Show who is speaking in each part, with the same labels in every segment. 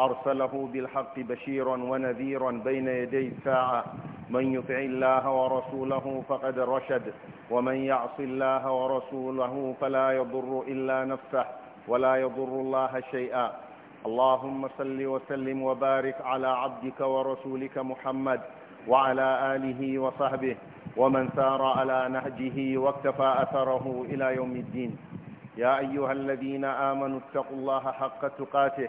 Speaker 1: أرسله بالحق بشيرا ونذيرا بين يدي الساعة من يطع الله ورسوله فقد رشد ومن يعص الله ورسوله فلا يضر إلا نفسه ولا يضر الله شيئا اللهم صل وسلم وبارك على عبدك ورسولك محمد وعلى آله وصحبه ومن سار على نهجه واكتفى أثره إلى يوم الدين يا أيها الذين آمنوا اتقوا الله حق تقاته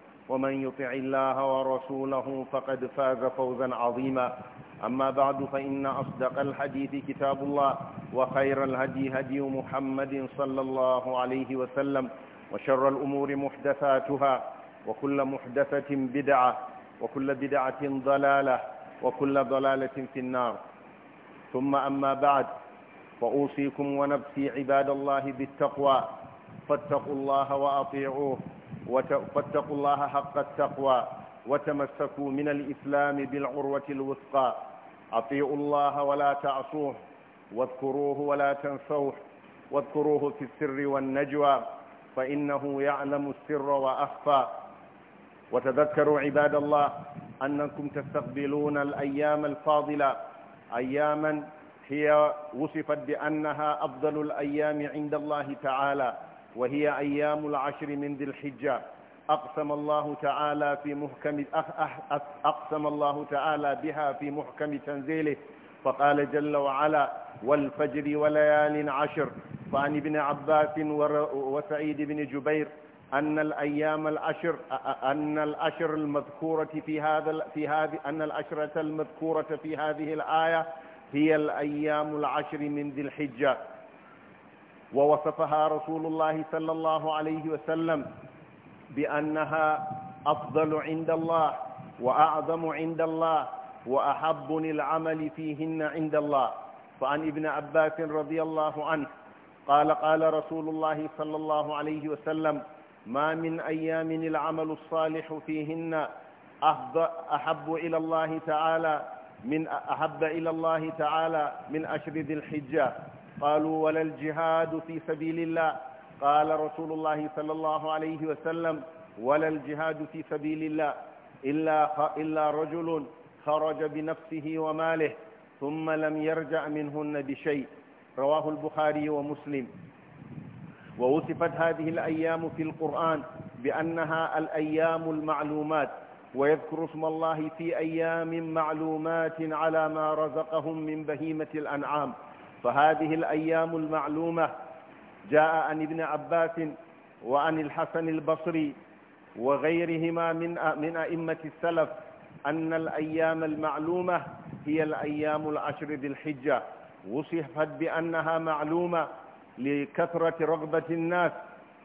Speaker 1: ومن يطع الله ورسوله فقد فاز فوزا عظيما أما بعد فإن أصدق الحديث كتاب الله وخير الهدي هدي محمد صلى الله عليه وسلم وشر الأمور محدثاتها وكل محدثة بدعة وكل بدعة ضلالة وكل ضلالة في النار ثم أما بعد فأوصيكم ونفسي عباد الله بالتقوى فاتقوا الله وأطيعوه فاتقوا الله حق التقوى وتمسكوا من الإسلام بالعروة الوثقى أطيعوا الله ولا تعصوه واذكروه ولا تنسوه واذكروه في السر والنجوى فإنه يعلم السر وأخفى وتذكروا عباد الله أنكم تستقبلون الأيام الفاضلة أياما هي وصفت بأنها أفضل الأيام عند الله تعالى وهي أيام العشر من ذي الحجة أقسم الله تعالى في محكم أقسم الله تعالى بها في محكم تنزيله فقال جل وعلا والفجر وليال عشر فعن ابن عباس وسعيد بن جبير أن الأيام العشر أن الأشر المذكورة في هذا في هذه أن الأشرة المذكورة في هذه الآية هي الأيام العشر من ذي الحجة ووصفها رسول الله صلى الله عليه وسلم بأنها أفضل عند الله وأعظم عند الله وأحب العمل فيهن عند الله فعن ابن عباس رضي الله عنه قال قال رسول الله صلى الله عليه وسلم ما من أيام العمل الصالح فيهن أحب إلى الله تعالى من أحب إلى الله تعالى من أشرد الحجة قالوا ولا الجهاد في سبيل الله قال رسول الله صلى الله عليه وسلم ولا الجهاد في سبيل الله إلا, إلا رجل خرج بنفسه وماله ثم لم يرجع منهن بشيء رواه البخاري ومسلم ووصفت هذه الأيام في القرآن بأنها الأيام المعلومات ويذكر اسم الله في أيام معلومات على ما رزقهم من بهيمة الأنعام فهذه الأيام المعلومة جاء عن ابن عباس وعن الحسن البصري وغيرهما من من أئمة السلف أن الأيام المعلومة هي الأيام العشر ذي الحجة وصفت بأنها معلومة لكثرة رغبة الناس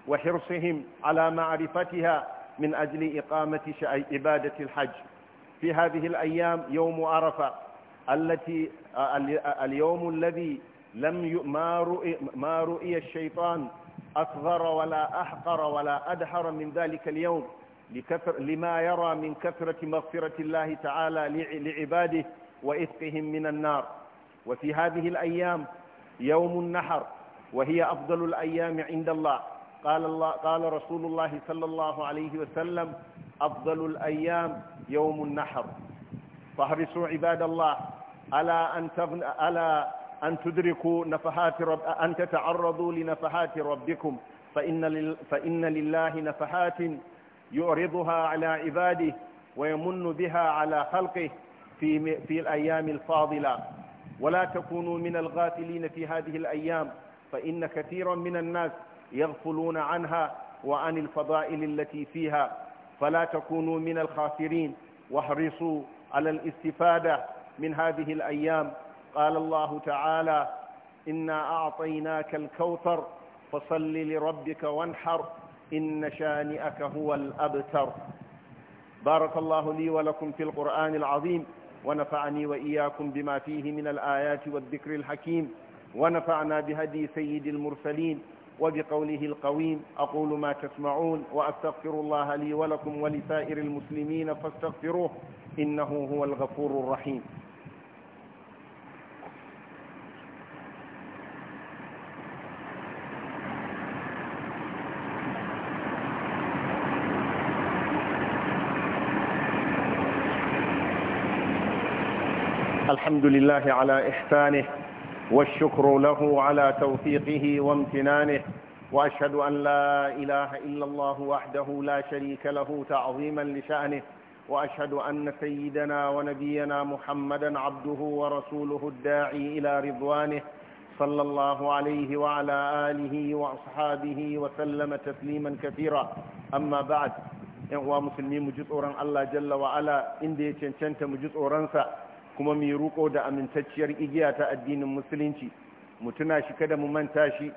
Speaker 1: وحرصهم على معرفتها من أجل إقامة عبادة الحج في هذه الأيام يوم عرفة التي اليوم الذي لم ما رؤي, ما رؤي الشيطان أكبر ولا أحقر ولا أدحر من ذلك اليوم لكثر لما يرى من كثرة مغفرة الله تعالى لعباده وإثقهم من النار وفي هذه الأيام يوم النحر وهي أفضل الأيام عند الله قال, الله قال رسول الله صلى الله عليه وسلم أفضل الأيام يوم النحر فاحرصوا عباد الله ألا أن, تغن... ألا أن تدركوا نفحات رب... أن تتعرضوا لنفحات ربكم فإن, لل... فإن لله نفحات يعرضها على عباده ويمن بها على خلقه في, في الأيام الفاضلة ولا تكونوا من الغافلين في هذه الأيام فإن كثيرا من الناس يغفلون عنها وعن الفضائل التي فيها فلا تكونوا من الخاسرين واحرصوا على الاستفادة من هذه الأيام قال الله تعالى إنا أعطيناك الكوثر فصل لربك وانحر إن شانئك هو الأبتر بارك الله لي ولكم في القرآن العظيم ونفعني وإياكم بما فيه من الآيات والذكر الحكيم ونفعنا بهدي سيد المرسلين وبقوله القويم أقول ما تسمعون وأستغفر الله لي ولكم ولسائر المسلمين فاستغفروه إنه هو الغفور الرحيم الحمد لله على إحسانه والشكر له على توفيقه وامتنانه وأشهد أن لا إله إلا الله وحده لا شريك له تعظيما لشأنه وأشهد أن سيدنا ونبينا محمدا عبده ورسوله الداعي إلى رضوانه صلى الله عليه وعلى آله وأصحابه وسلم تسليما كثيرا أما بعد yan uwa musulmi mu ji tsoron Allah jalla wa ala inda kuma mu ruko da amintacciyar igiya ta addinin musulunci mu tuna shi kada mu manta shi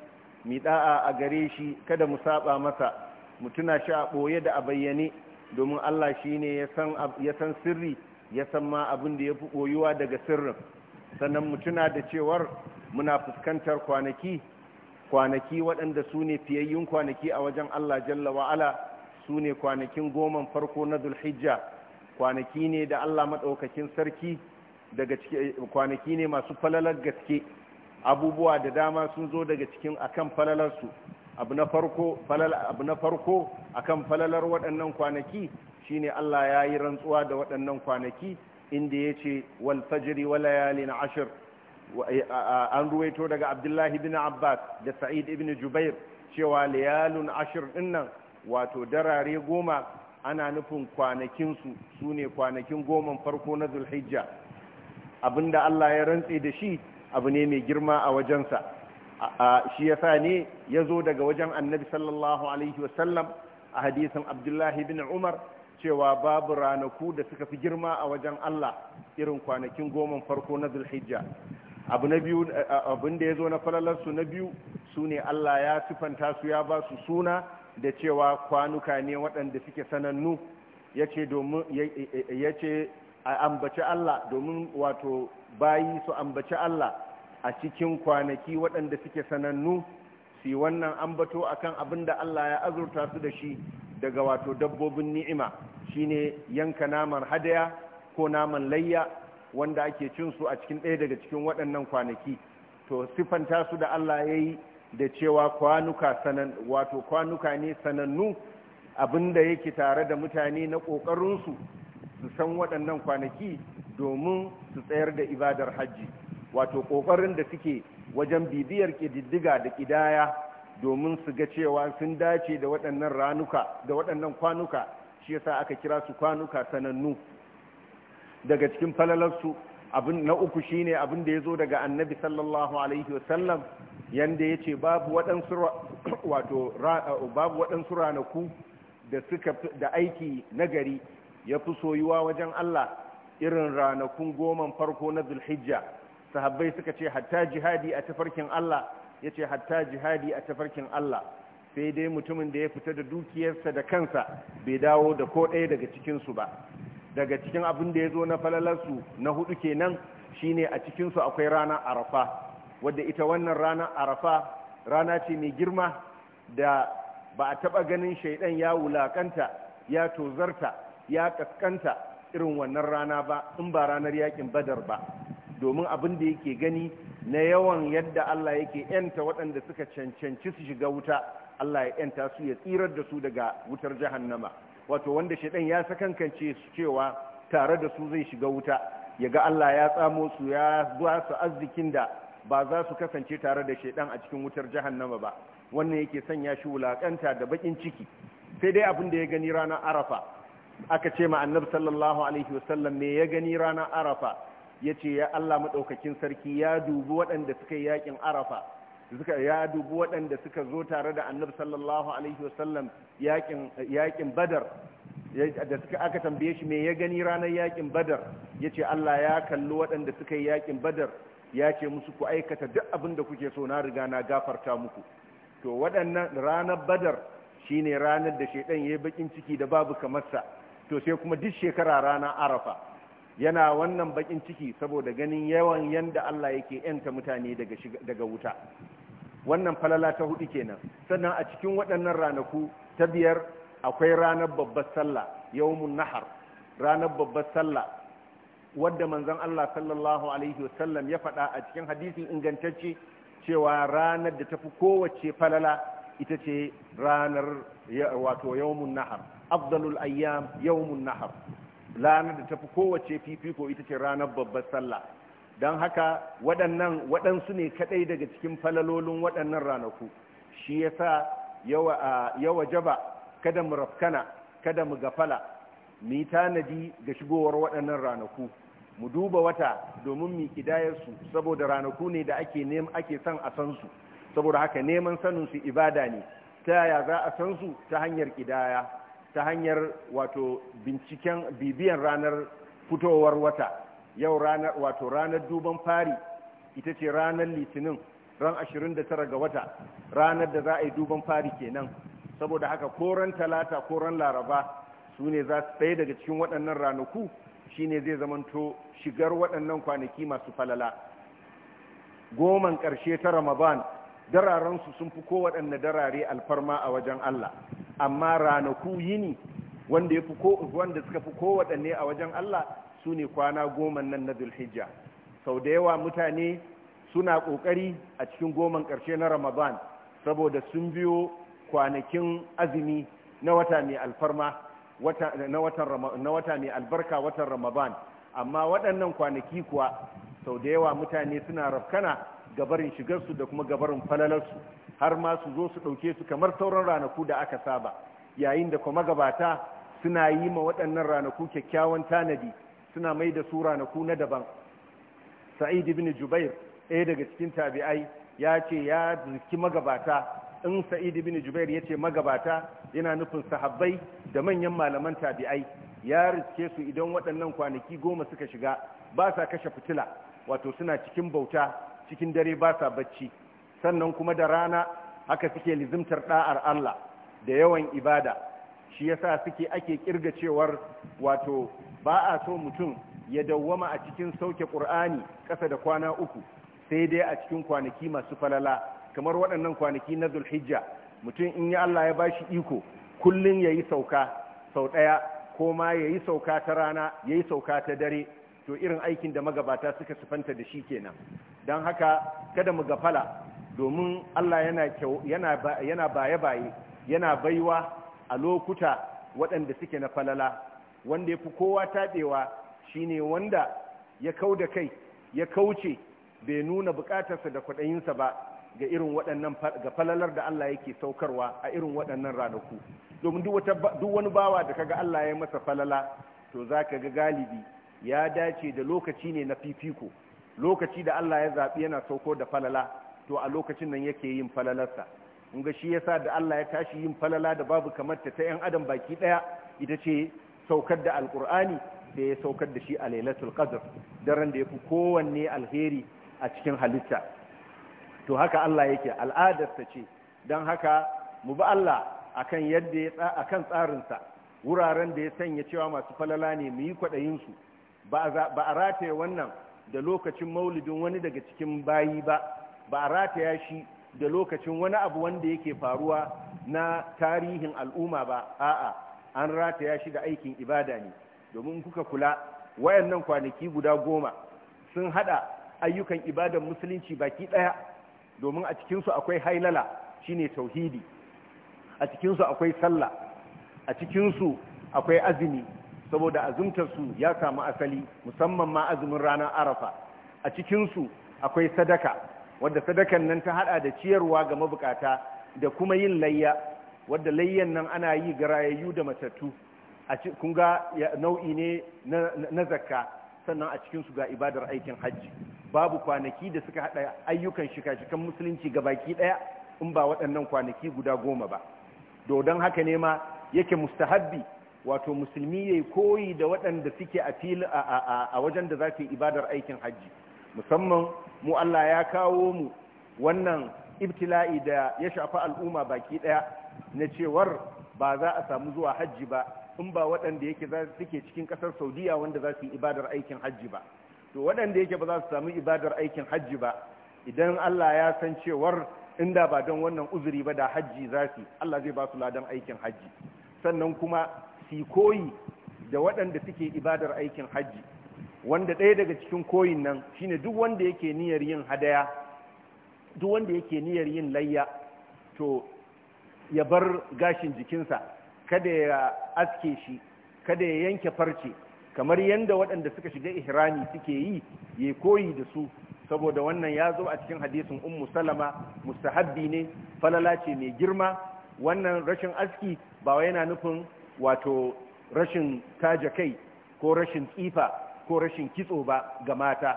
Speaker 1: mu da'a a gare shi kada mu saba masa mu tuna shi a boye da a bayyane domin Allah shine ya ya san sirri ya san ma abin da fi boyuwa daga sirrin sannan mu tuna da cewar muna fuskantar kwanaki kwanaki waɗanda su ne fiyayyun kwanaki a wajen Allah jalla wa'ala su ne kwanakin goman farko na zulhijja kwanaki ne da Allah maɗaukakin sarki daga eh, kwanaki ne masu falalar gaske abubuwa da dama sun zo daga cikin akan falalarsu abu na farko akan falalar waɗannan kwanaki shine Allah ya yi rantsuwa da waɗannan kwanaki inda ya ce wal fajri wa layalin ashir eh, an ruwaito daga Abdullahi bin Abbas da Sa'id ibn Jubair cewa layalun ashir dinnan wato darare goma ana nufin kwanakinsu su ne kwanakin goma farko na Zulhijja abinda Allah ya rantse da shi abu ne mai girma a wajensa shi ya sa ne ya zo daga wajen annabi sallallahu alaihi wasallam a hadisin abdullahi bin umar cewa babu ranaku da suka fi girma a wajen Allah irin kwanakin goman farko na zulhijja abu abin da ya zo na falalarsu na biyu su ne Allah ya sifanta su ya ba su suna da cewa kwanuka ne waɗanda suke sanannu ya ce a ambaci Allah domin wato bayi su ambaci Allah a cikin kwanaki waɗanda suke sanannu su wannan ambato akan abin da Allah ya azurta su da shi daga wato dabbobin ni'ima shine yanka naman hadaya ko naman layya wanda ake cin su a cikin ɗaya daga cikin waɗannan kwanaki to sifanta su da Allah ya yi da cewa kwanuka sanan wato kwanuka ne sanannu Abin abinda yake tare da mutane na ƙoƙarinsu can waɗannan kwanaki domin su tsayar da ibadar hajji wato ƙoƙarin da suke wajen bibiyar ƙididdiga da ƙidaya domin su ga cewa sun dace da waɗannan ranuka da waɗannan kwanuka shi yasa aka kira su kwanuka sanannu daga cikin falalarsu abin na uku shine abin da ya zo daga annabi sallallahu alaihi wasallam yanda ya ce babu waɗansu ranaku da aiki nagari ya fi soyuwa wajen Allah irin ranakun goman farko na zulhijja sahabbai suka ce hatta jihadi a tafarkin Allah ya ce hatta jihadi a tafarkin Allah sai dai mutumin da ya fita da dukiyarsa da kansa bai dawo da ko ɗaya daga cikinsu ba daga cikin abin da ya zo na falalarsu na hudu kenan shine a cikinsu akwai rana arafa wadda ita wannan rana arafa rana ce mai girma da ba a taɓa ganin shaidan ya wulaƙanta ya tozarta ya kaskanta irin wannan rana ba in ba ranar yakin badar ba domin abin da yake gani na yawan yadda Allah yake yanta waɗanda suka cancanci su shiga wuta Allah ya yanta su ya tsirar da su daga wutar jahannama wato wanda shaidan ya sakankance su cewa tare da su zai shiga wuta ya ga Allah ya tsamo su ya zuwa su arzikin da ba za su kasance tare da shaidan a cikin wutar jahannama ba wannan yake sanya shi wulakanta da baƙin ciki sai dai abin da ya gani ranar arafa aka ce ma annabi sallallahu alaihi wasallam me ya gani ranar arafa ya ce ya Allah maɗaukakin sarki ya dubi waɗanda suka yi yakin arafa ya dubi waɗanda suka zo tare da annabi sallallahu alaihi wasallam yakin yakin badar da suka aka tambaye shi me ya gani ranar yakin badar ya ce Allah ya kalli waɗanda suka yi yakin badar ya ce musu ku aikata duk abin da kuke so na riga na gafarta muku to waɗannan ranar badar shine ranar da shaidan ya yi bakin ciki da babu kamarsa to sai kuma duk shekara rana arafa yana wannan bakin ciki saboda ganin yawan yanda Allah yake yanta mutane daga daga wuta wannan falala ta hudu kenan sannan a cikin waɗannan ranaku ta biyar akwai ranar babbar sallah yawmun nahar ranar babbar sallah wadda manzon Allah sallallahu alaihi wasallam ya faɗa a cikin hadisin ingantacce cewa ranar da tafi kowace falala ita ce ranar wato yawmun nahar afdalul ayyam yawmun nahar ranar da tafi kowace fifiko ita ce ranar babbar sallah don haka waɗannan waɗansu ne kaɗai daga cikin falalolin waɗannan ranaku shi ya sa yawa jaba kada mu rafkana kada mu gafala mu yi tanadi ga shigowar waɗannan ranaku mu duba wata domin mu su saboda ranaku ne da ake ake son a san su saboda haka neman sanin su ibada ne ta yaya za a san su ta hanyar kidaya ta hanyar wato binciken bibiyan ranar fitowar wata yau ranar wato ranar duban fari ita ce ranar litinin ran 29 ga wata ranar da za a yi duban fari kenan saboda haka ko talata ko laraba su ne za su tsaye daga cikin waɗannan ranaku shi ne zai zamanto shigar waɗannan kwanaki masu falala goman ƙarshe ta ramadan dararensu sun fi kowaɗanne darare alfarma a wajen allah amma ranaku yini wanda ya fi wanda suka fi kowaɗanne a wajen Allah sune kwana goma nan na zulhijja sau da yawa mutane suna ƙoƙari a cikin goman ƙarshe na ramadan saboda sun biyo kwanakin azumi na wata mai alfarma na wata mai albarka watan ramadan amma waɗannan kwanaki kuwa sau da yawa mutane suna rafkana gabarin shigarsu da kuma gabarin falalarsu har ma su zo su ɗauke su kamar sauran ranaku da aka saba yayin da kuma gabata suna yi ma waɗannan ranaku kyakkyawan tanadi suna mai da su ranaku na daban sa'id ibn jubair ɗaya daga cikin tabi'ai ya ce ya zuki magabata in sa'id ibn jubair ya ce magabata yana nufin sahabbai da manyan malaman tabi'ai ya riske su idan waɗannan kwanaki goma suka shiga ba sa kashe fitila wato suna cikin bauta cikin dare ba sa bacci sannan kuma da rana haka suke lizimtar da'ar Allah da yawan ibada shi yasa suke ake kirga cewar wato ba a so mutum ya dawwama a cikin sauke qur'ani kasa da kwana uku sai dai a cikin kwanaki masu falala kamar waɗannan kwanaki na zulhijja mutum in ya Allah ya bashi iko kullun yayi sauka sau daya ko ma yayi sauka ta rana yayi sauka ta dare to irin aikin da magabata suka sufanta da shi kenan don haka kada mu gafala domin Allah yana baye-baye yana baiwa a lokuta waɗanda suke na falala wanda ya fi kowa taɓewa shine wanda ya kau da kai ya kauce bai nuna buƙatarsa da kwaɗayinsa ba ga irin waɗannan ga falalar da Allah yake saukarwa a irin waɗannan ranaku domin duk wani bawa da kaga Allah ya masa falala to za ka ga galibi ya dace da lokaci ne na fifiko lokaci da Allah ya zaɓi yana sauko da falala to a lokacin nan yake yin falalarsa in ga shi yasa da Allah ya tashi yin falala da babu kamar ta ta yan adam baki ɗaya, ita ce saukar da alkur'ani da ya saukar da shi a lailatul qadr daren da yafi kowanne alheri a cikin halitta to haka Allah yake al'adarsa ce dan haka mu bi Allah akan yadda ya akan tsarinsa wuraren da ya sanya cewa masu falala ne mu yi kwaɗayin su ba a rataye wannan da lokacin maulidin wani daga cikin bayi ba ba a rataya shi da lokacin wani abu wanda yake faruwa na tarihin al'umma ba a'a an rataya shi da aikin ibada ne domin kuka kula wayannan kwanaki guda goma sun hada ayyukan ibadan musulunci baki daya domin a cikinsu akwai hailala shine tauhidi a cikinsu akwai sallah a cikinsu akwai azumi saboda azumtarsu ya samu asali musamman ma azumin ranar arafa a cikinsu akwai sadaka wadda sadakan nan ta hada da ciyarwa ga mabukata da kuma yin layya wadda layyan nan ana yi ga rayayyu da matattu a cikin ga nau'i ne na zakka sannan a cikin su ga ibadar aikin hajji babu kwanaki da suka hada ayyukan shika-shikan musulunci ga baki daya in ba waɗannan kwanaki guda goma ba dodon haka ne ma yake mustahabbi wato musulmi yayi koyi da waɗanda suke a a-a-a wajen da za ibadar aikin hajji musamman mu Allah ya kawo mu wannan ibtila'i da ya shafi al'umma baki daya na cewar ba za a samu zuwa hajji ba in ba waɗanda yake za su suke cikin ƙasar saudiya wanda za su yi ibadar aikin hajji ba to waɗanda yake ba za su samu ibadar aikin hajji ba idan Allah ya san cewar inda ba don wannan uzuri ba da hajji za su Allah zai ba su ladan aikin hajji sannan kuma si koyi da waɗanda suke ibadar aikin hajji wanda ɗaya daga cikin koyin nan shine duk wanda yake niyyar yin hadaya duk wanda yake niyyar yin layya to ya bar gashin jikinsa kada ya aske shi kada ya yanke farce kamar yadda waɗanda suka shiga ihrami suke yi ya koyi da su saboda wannan ya zo a cikin hadisin ummu salama mustahabbi ne falala ce mai girma wannan rashin aski ba yana nufin wato rashin taja kai ko rashin tsifa ko rashin kitso ba ga mata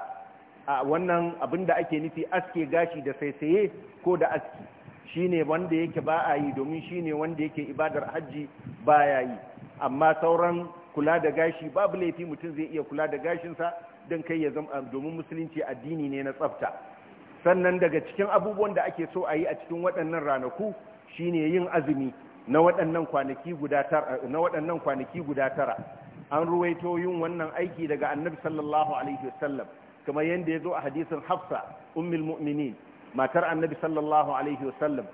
Speaker 1: a wannan abin da ake nufi aske gashi da saisaye ko da aski shine wanda yake ba a yi domin shine wanda yake ibadar hajji ba ya yi amma sauran kula da gashi babu laifi mutum zai iya kula da gashinsa don kai ya zama domin musulunci addini ne na tsafta sannan daga cikin abubuwan da ake so a yi a cikin waɗannan ranaku shine yin azumi na waɗannan kwanaki guda tara an ruwaito yin wannan aiki daga annabi sallallahu alaihi wasallam kamar yadda ya zo a hadisin hafsa ummul mu'minin matar annabi sallallahu alaihi wasallam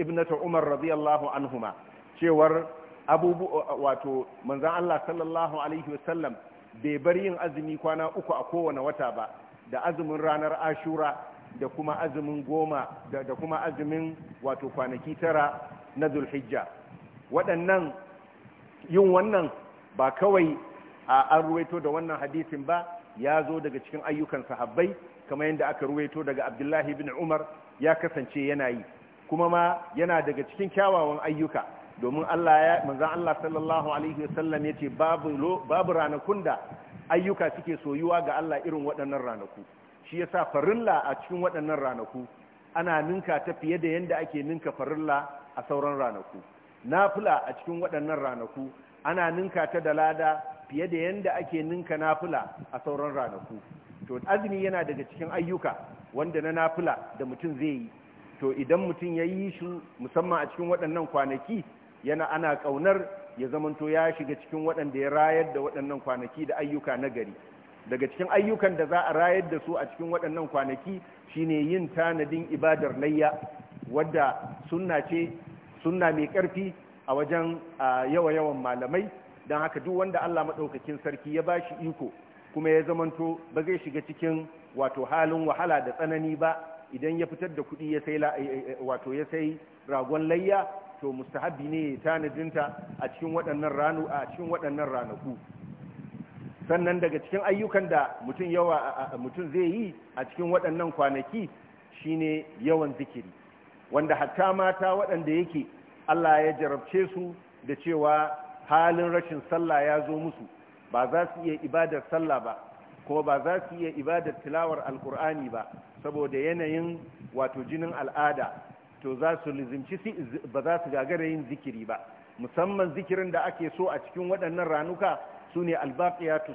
Speaker 1: ibnatu umar radiyallahu anhuma cewar abubu wato manzon Allah sallallahu alaihi wasallam bai bar yin azumi kwana uku a kowane wata ba da azumin ranar ashura da kuma azumin goma da kuma azumin wato kwanaki tara na zulhijja waɗannan yin wannan ba kawai a an ruwaito da wannan hadisin ba ya zo daga cikin ayyukan sahabbai kamar yadda aka ruwaito daga abdullahi bin umar ya kasance yana yi kuma ma yana daga cikin kyawawan ayyuka domin Allah ya manzan Allah sallallahu alaihi wasallam yace babu babu ranakun da ayyuka suke soyuwa ga Allah irin waɗannan ranaku shi yasa farilla a cikin waɗannan ranaku ana ninka ta fiye da yadda ake ninka farilla a sauran ranaku nafila a cikin waɗannan ranaku ana ninka ta da lada fiye da yanda ake ninka nafula a sauran ranaku to azumi yana daga cikin ayyuka wanda na nafula da mutum zai yi to idan mutum ya yi shi musamman a cikin waɗannan kwanaki yana ana ƙaunar ya zamanto ya shiga cikin waɗanda ya rayar da waɗannan kwanaki da ayyuka na gari daga cikin ayyukan da za a rayar da su a cikin waɗannan kwanaki shine yin tanadin ibadar layya wadda sunna ce sunna mai ƙarfi a wajen yawa-yawan malamai don haka duk wanda Allah maɗaukakin sarki ya ba shi iko kuma ya zamanto ba zai shiga cikin wato halin wahala da tsanani ba idan ya fitar da kuɗi ya sai eh, eh, eh, wato ya sai ragon layya to mustahabi ne ya tanadinta a cikin waɗannan ranu a cikin waɗannan ranaku sannan daga cikin ayyukan da mutum yawa mutum zai yi a cikin waɗannan kwanaki shine yawan zikiri wanda hatta mata waɗanda yake Allah ya jarabce su da cewa halin rashin sallah ya zo musu ba za su iya ibadar sallah ba kuma ba za su iya ibadar tilawar alkur'ani ba saboda yanayin wato jinin al'ada to za su lizimci ba za su gagara yin zikiri ba musamman zikirin da ake so a cikin waɗannan ranuka su ne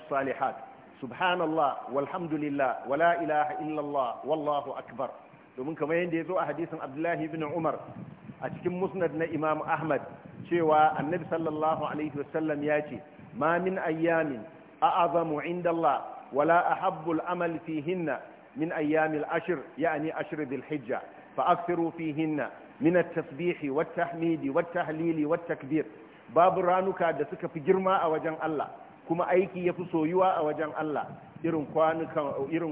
Speaker 1: salihat subhanallah walhamdulillah wala ilaha illallah wallahu akbar domin kamar yadda ya zo a hadisin abdullahi ibn umar a cikin musnad na imam ahmad cewa annabi sallallahu alaihi wasallam ya ce ma min ayyamin a'azamu inda Allah wala ahabbu al-amal hinna min ayyamil ashr ya'ni ashr dhil hijja fa fi hinna min at-tasbih wa at tahmid wa at tahlil wa at takbir babu ranuka da suka fi girma a wajen Allah kuma aiki yafi soyuwa a wajen Allah irin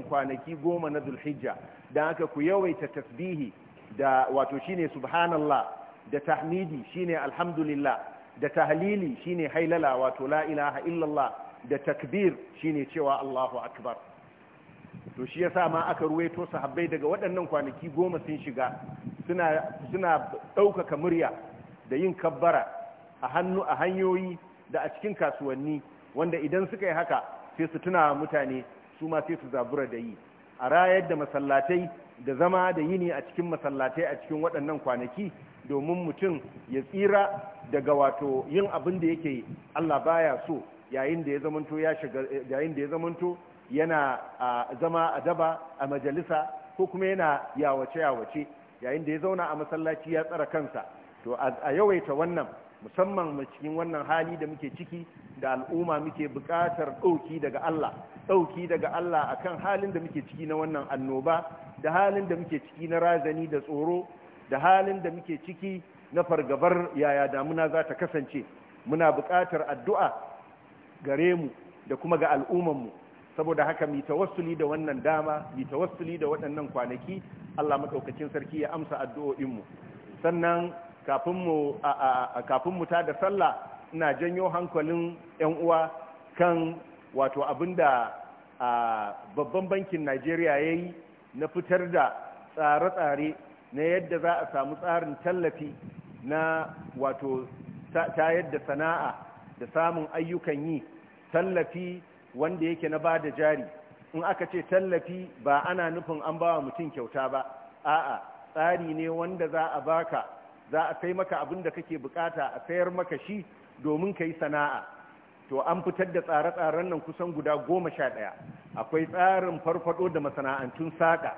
Speaker 1: kwanaki goma na dhul hijja dan haka ku yawaita tasbihi da wato shine subhanallah da tahmidi shine alhamdulillah da tahlili shine hailala wato la ilaha illallah da takbir shine cewa Allahu akbar to shi yasa ma aka ruwaito sahabbai daga waɗannan kwanaki goma sun shiga suna suna ɗaukaka murya da yin kabbara a hannu a hanyoyi da a cikin kasuwanni wanda idan suka yi haka sai su tuna mutane su ma sai su zabura da yi a rayar da masallatai da zama da yini a cikin masallatai a cikin waɗannan kwanaki domin mutum ya tsira daga wato yin abin da yake Allah baya so yayin da ya zamanto ya shiga yayin da ya zamanto yana zama a daba a majalisa ko kuma yana yawace yawace yayin da ya zauna a masallaci ya tsara kansa to a yawaita wannan musamman cikin wannan hali da muke ciki da al'umma muke buƙatar ɗauki daga Allah ɗauki daga Allah akan halin da muke ciki na wannan annoba da halin da muke ciki na razani da tsoro da halin da muke ciki na fargabar yaya damuna za ta kasance muna buƙatar addu'a gare mu da kuma ga al'ummanmu saboda haka mi tawassuli da wannan dama mi tawassuli da waɗannan kwanaki Allah maɗaukacin sarki ya amsa mu sannan kafin mu ta da sallah ina janyo hankalin 'yan uwa kan wato abinda babban bankin Najeriya ya yi na fitar da tsare-tsare na yadda za a samu tsarin tallafi na wato ta yadda sana'a da samun ayyukan yi tallafi wanda yake na ba da jari in aka ce tallafi ba ana nufin an bawa mutum kyauta ba a'a tsari ne wanda za a baka za a sai maka abin da kake bukata a sayar maka shi domin ka yi sana'a to an fitar da tsare-tsaren nan kusan guda goma sha ɗaya akwai tsarin farfado da masana'antun saƙa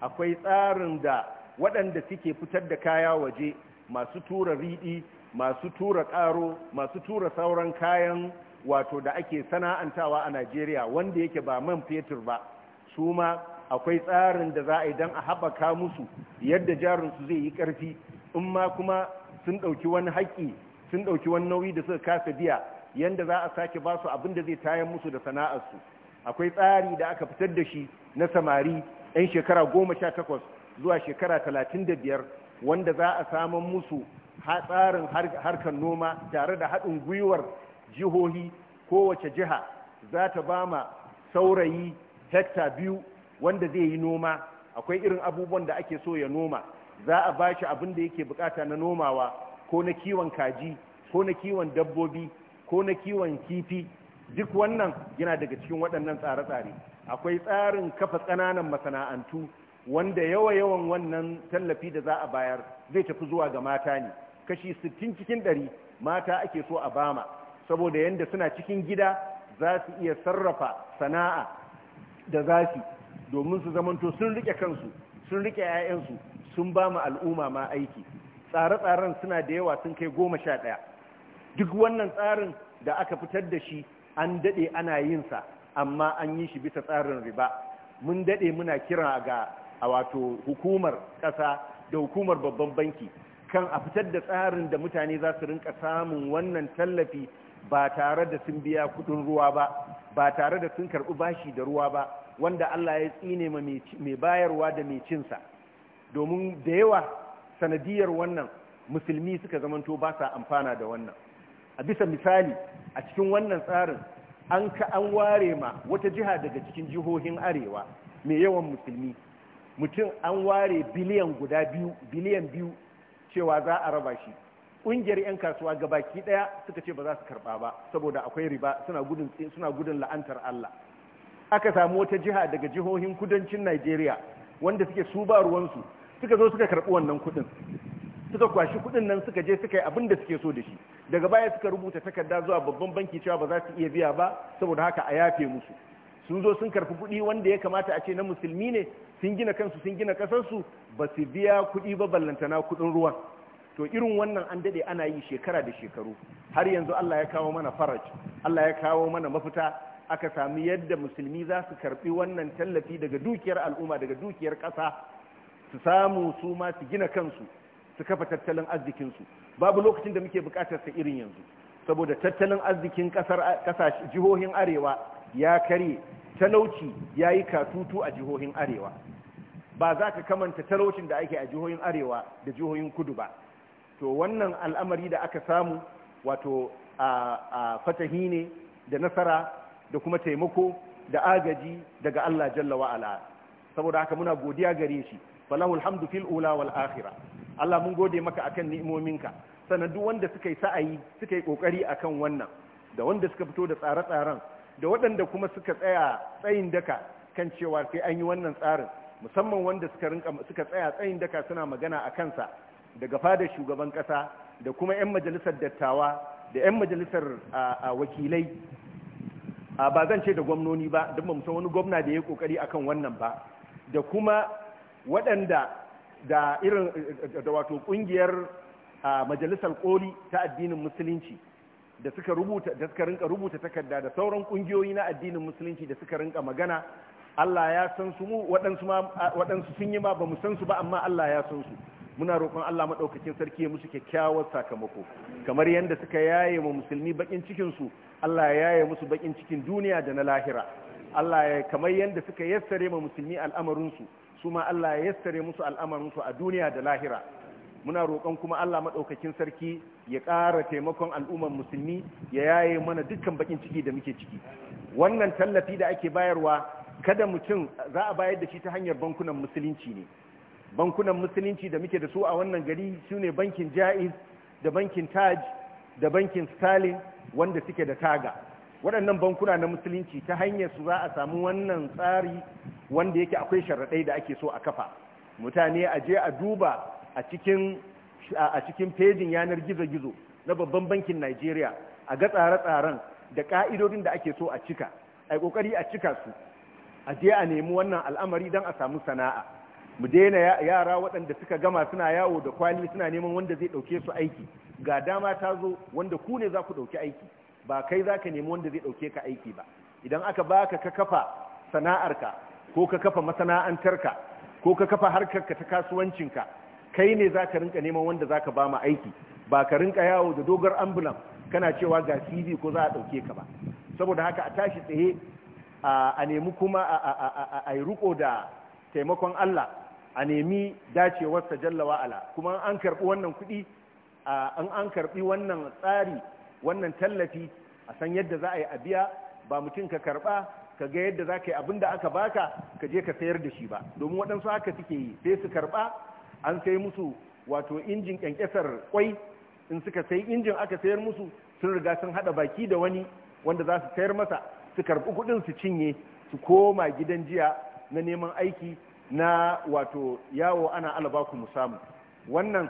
Speaker 1: akwai tsarin da waɗanda suke fitar da kaya waje masu tura riɗi masu tura ƙaro masu tura sauran kayan wato da ake sana'antawa a najeriya wanda yake ba man fetur ba su ma akwai tsarin da za a yi don a haɓaka musu yadda jarinsu zai yi ƙarfi in ma kuma sun ɗauki wani haƙƙi sun ɗauki wani nauyi da suka kasa biya yadda za a sake ba su abin da zai tayan musu da sana'arsu akwai tsari da aka fitar da shi na samari 'yan shekara goma sha takwas zuwa shekara talatin da biyar wanda za a saman musu tsarin harkar noma tare da haɗin gwiwar jihohi kowace jiha za ta ba ma saurayi hekta biyu wanda zai yi noma akwai irin abubuwan da ake so ya noma za a ba shi abin da yake bukata na nomawa ko na kiwon kaji ko na kiwon dabbobi ko na kiwon kifi duk wannan yana daga cikin waɗannan tsare-tsare akwai tsarin kafa ƙananan masana'antu wanda yawa-yawan wannan tallafi da za a bayar zai tafi zuwa ga mata ne kashi sittin cikin 100 mata ake so a bama saboda yanda suna cikin gida za su iya sarrafa sana'a da za su domin su zamanto sun rike kansu sun rike 'ya'yansu sun ba mu al'umma ma aiki tsare-tsaren suna da yawa sun kai goma sha ɗaya duk wannan tsarin da aka fitar da shi an daɗe ana yin sa amma an yi shi bisa tsarin riba mun daɗe muna kira ga a wato hukumar ƙasa da hukumar babban banki kan a fitar da tsarin da mutane za su rinka samun wannan tallafi ba tare da sun biya kudin ruwa ba ba tare da sun karɓi bashi da ruwa ba wanda Allah ya tsine ma mai bayarwa da mai cinsa domin da yawa sanadiyar wannan musulmi suka zamanto ba sa amfana da wannan a bisa misali a cikin wannan tsarin an ka an ware ma wata jiha daga cikin jihohin arewa mai yawan musulmi mutum an ware biliyan guda biyu biliyan biyu cewa za a raba shi ƙungiyar 'yan kasuwa gabaki ɗaya suka ce ba za su karɓa ba saboda akwai riba suna gudun la'antar Allah aka samu wata jiha daga jihohin kudancin Najeriya wanda suke su ba ruwansu suka zo suka karɓi wannan kuɗin suka kwashi kuɗin nan suka je suka yi abin da suke so da shi daga baya suka rubuta takarda zuwa babban banki cewa ba za su iya biya ba saboda haka a yafe musu sun zo sun karfi kuɗi wanda ya kamata a ce na musulmi ne sun gina kansu sun gina ƙasarsu ba su biya kuɗi ba ballantana kuɗin ruwan to irin wannan an daɗe ana yi shekara da shekaru har yanzu Allah ya kawo mana faraj Allah ya kawo mana mafita aka sami yadda musulmi za su karɓi wannan tallafi daga dukiyar al'umma daga dukiyar kasa su samu su ma su gina kansu su kafa tattalin arzikinsu babu lokacin da muke bukatar sa irin yanzu saboda tattalin arzikin kasar jihohin arewa ya kare talauci ya yi katutu a jihohin arewa ba za ka kamanta talaucin da ake a jihohin arewa da jihohin kudu ba to wannan al'amari da aka samu wato a fatahi ne da nasara da kuma taimako da agaji daga Allah jalla ala saboda haka muna godiya gare shi falahul hamdu fil ula wal akhira Allah mun gode maka akan ni'imominka sanan duk wanda suka yi sa'ayi suka yi kokari akan wannan da wanda suka fito da tsare-tsaren da waɗanda kuma suka tsaya tsayin daka kan cewa sai an yi wannan tsarin musamman wanda suka rinka suka tsaya tsayin daka suna magana a kansa daga fadar shugaban kasa da kuma 'yan majalisar dattawa da 'yan majalisar wakilai ba zan ce da gwamnoni ba don ba san wani gwamna da ya kokari akan wannan ba da kuma waɗanda da irin da wato ƙungiyar majalisar koli ta addinin musulunci da suka rubuta da suka rinka rubuta takarda da sauran ƙungiyoyi na addinin musulunci da suka rinka magana Allah ya san su mu waɗansu sun yi ma ba mu san su ba amma Allah ya san su muna roƙon Allah maɗaukakin sarki ya musu kyakkyawar sakamako kamar yadda suka yaye wa musulmi bakin cikin su Allah ya yaye musu bakin cikin duniya da na lahira Allah ya kamar yadda suka yassare ma musulmi al'amarin su su ma Allah ya yassare musu al'amarinsu a duniya da lahira muna roƙon kuma Allah maɗaukakin sarki ya ƙara taimakon al'ummar musulmi ya yaye mana dukkan bakin ciki da muke ciki wannan tallafi da ake bayarwa kada mutum za a bayar da shi ta hanyar bankunan musulunci ne bankunan musulunci da muke da su a wannan gari sune bankin ja'iz da bankin taj da bankin stalin wanda suke da taga waɗannan bankuna na musulunci ta hanyar su za a samu wannan tsari wanda yake akwai sharaɗai da ake so a kafa mutane a je a duba a cikin fejin yanar gizo-gizo na babban bankin nigeria a ga tsare-tsaren da ƙa'idodin da ake so a cika a ƙoƙari a cika su a je a nemi wannan al'amari don a samu sana'a mu daina yara waɗanda suka gama suna yawo da kwali suna neman wanda zai ɗauke su aiki ga dama ta zo wanda ku ne za ku ɗauki aiki ba kai za ka nemi wanda zai ɗauke ka aiki ba idan aka baka ka kafa sana'arka ko ka kafa masana'antarka ko ka kafa harkarka ta kasuwancinka kai ne za ka rinka neman wanda za ka ba ma aiki ba ka rinka yawo da dogar ambulan kana cewa ga cv ko za a ɗauke ka ba saboda haka a tashi tsaye a nemi kuma a yi riko da taimakon allah a nemi dacewarsa jallawa wa'ala kuma an karɓi wannan kuɗi an an karɓi wannan tsari wannan tallafi a san yadda za a yi a biya ba mutum ka karba ka ga yadda za ka yi abin da aka baka ka je ka sayar da shi ba domin waɗansu haka suke yi sai su karba an sai musu wato injin ƙyanƙyasar kwai in suka sai injin aka sayar musu sun riga sun haɗa baki da wani wanda za su sayar masa su karbi kuɗin su cinye su koma gidan jiya na neman aiki na wato yawo ana albaku musamu wannan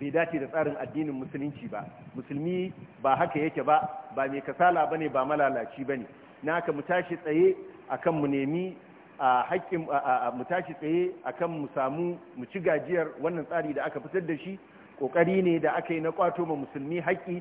Speaker 1: bai dace da tsarin addinin musulunci ba musulmi ba haka yake ba ba mai kasala bane ba malalaci bane na haka mu tashi tsaye kan mu nemi a haƙƙin mu tashi tsaye a kan mu samu mu ci gajiyar wannan tsari da aka fitar da shi Ƙoƙari ne da aka yi na ƙwato ma musulmi haƙƙi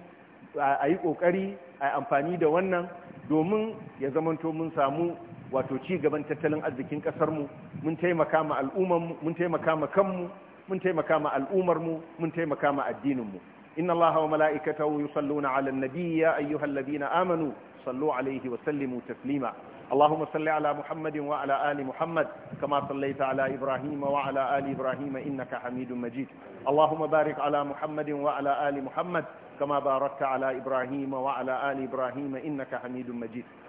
Speaker 1: a yi ƙoƙari a amfani da wannan domin ya zamanto mun samu wato ci gaban tattalin arzikin ƙasarmu mun taimaka ma al'ummarmu mun taimaka ma kanmu mun taimaka ma al'ummar mu mun taimaka ma addinin mu inna allaha wa mala'ikatahu yusalluna 'alan nabiyyi ya ayyuhalladhina amanu sallu 'alayhi wa sallimu taslima اللهم صل على محمد وعلى آل محمد كما صليت على إبراهيم وعلى آل إبراهيم إنك حميد مجيد اللهم بارك على محمد وعلى آل محمد كما باركت على إبراهيم وعلى آل إبراهيم إنك حميد مجيد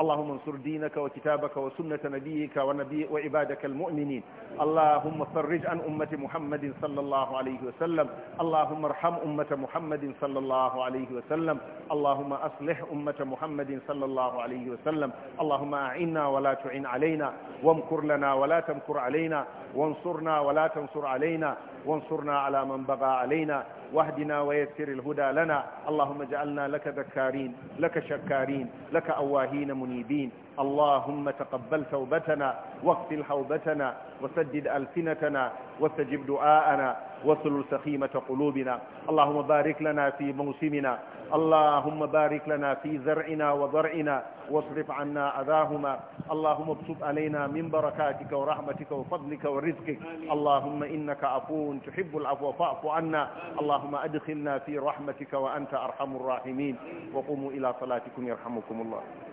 Speaker 1: اللهم انصر دينك وكتابك وسنة نبيك ونبي وعبادك المؤمنين اللهم فرج عن أمة محمد صلى الله عليه وسلم اللهم ارحم أمة محمد صلى الله عليه وسلم اللهم أصلح أمة محمد صلى الله عليه وسلم اللهم أعنا ولا تعن علينا وامكر لنا ولا تمكر علينا وانصرنا ولا تنصر علينا وانصرنا على من بغى علينا واهدنا ويسر الهدى لنا اللهم اجعلنا لك ذكارين لك شكارين لك أواهين منيبين اللهم تقبل توبتنا واقتل حوبتنا وسدد ألسنتنا واستجب دعاءنا وصل سخيمة قلوبنا اللهم بارك لنا في موسمنا اللهم بارك لنا في زرعنا وضرعنا واصرف عنا أذاهما اللهم ابسط علينا من بركاتك ورحمتك وفضلك ورزقك اللهم إنك عفو تحب العفو فاعف عنا اللهم أدخلنا في رحمتك وأنت أرحم الراحمين وقوموا إلى صلاتكم يرحمكم الله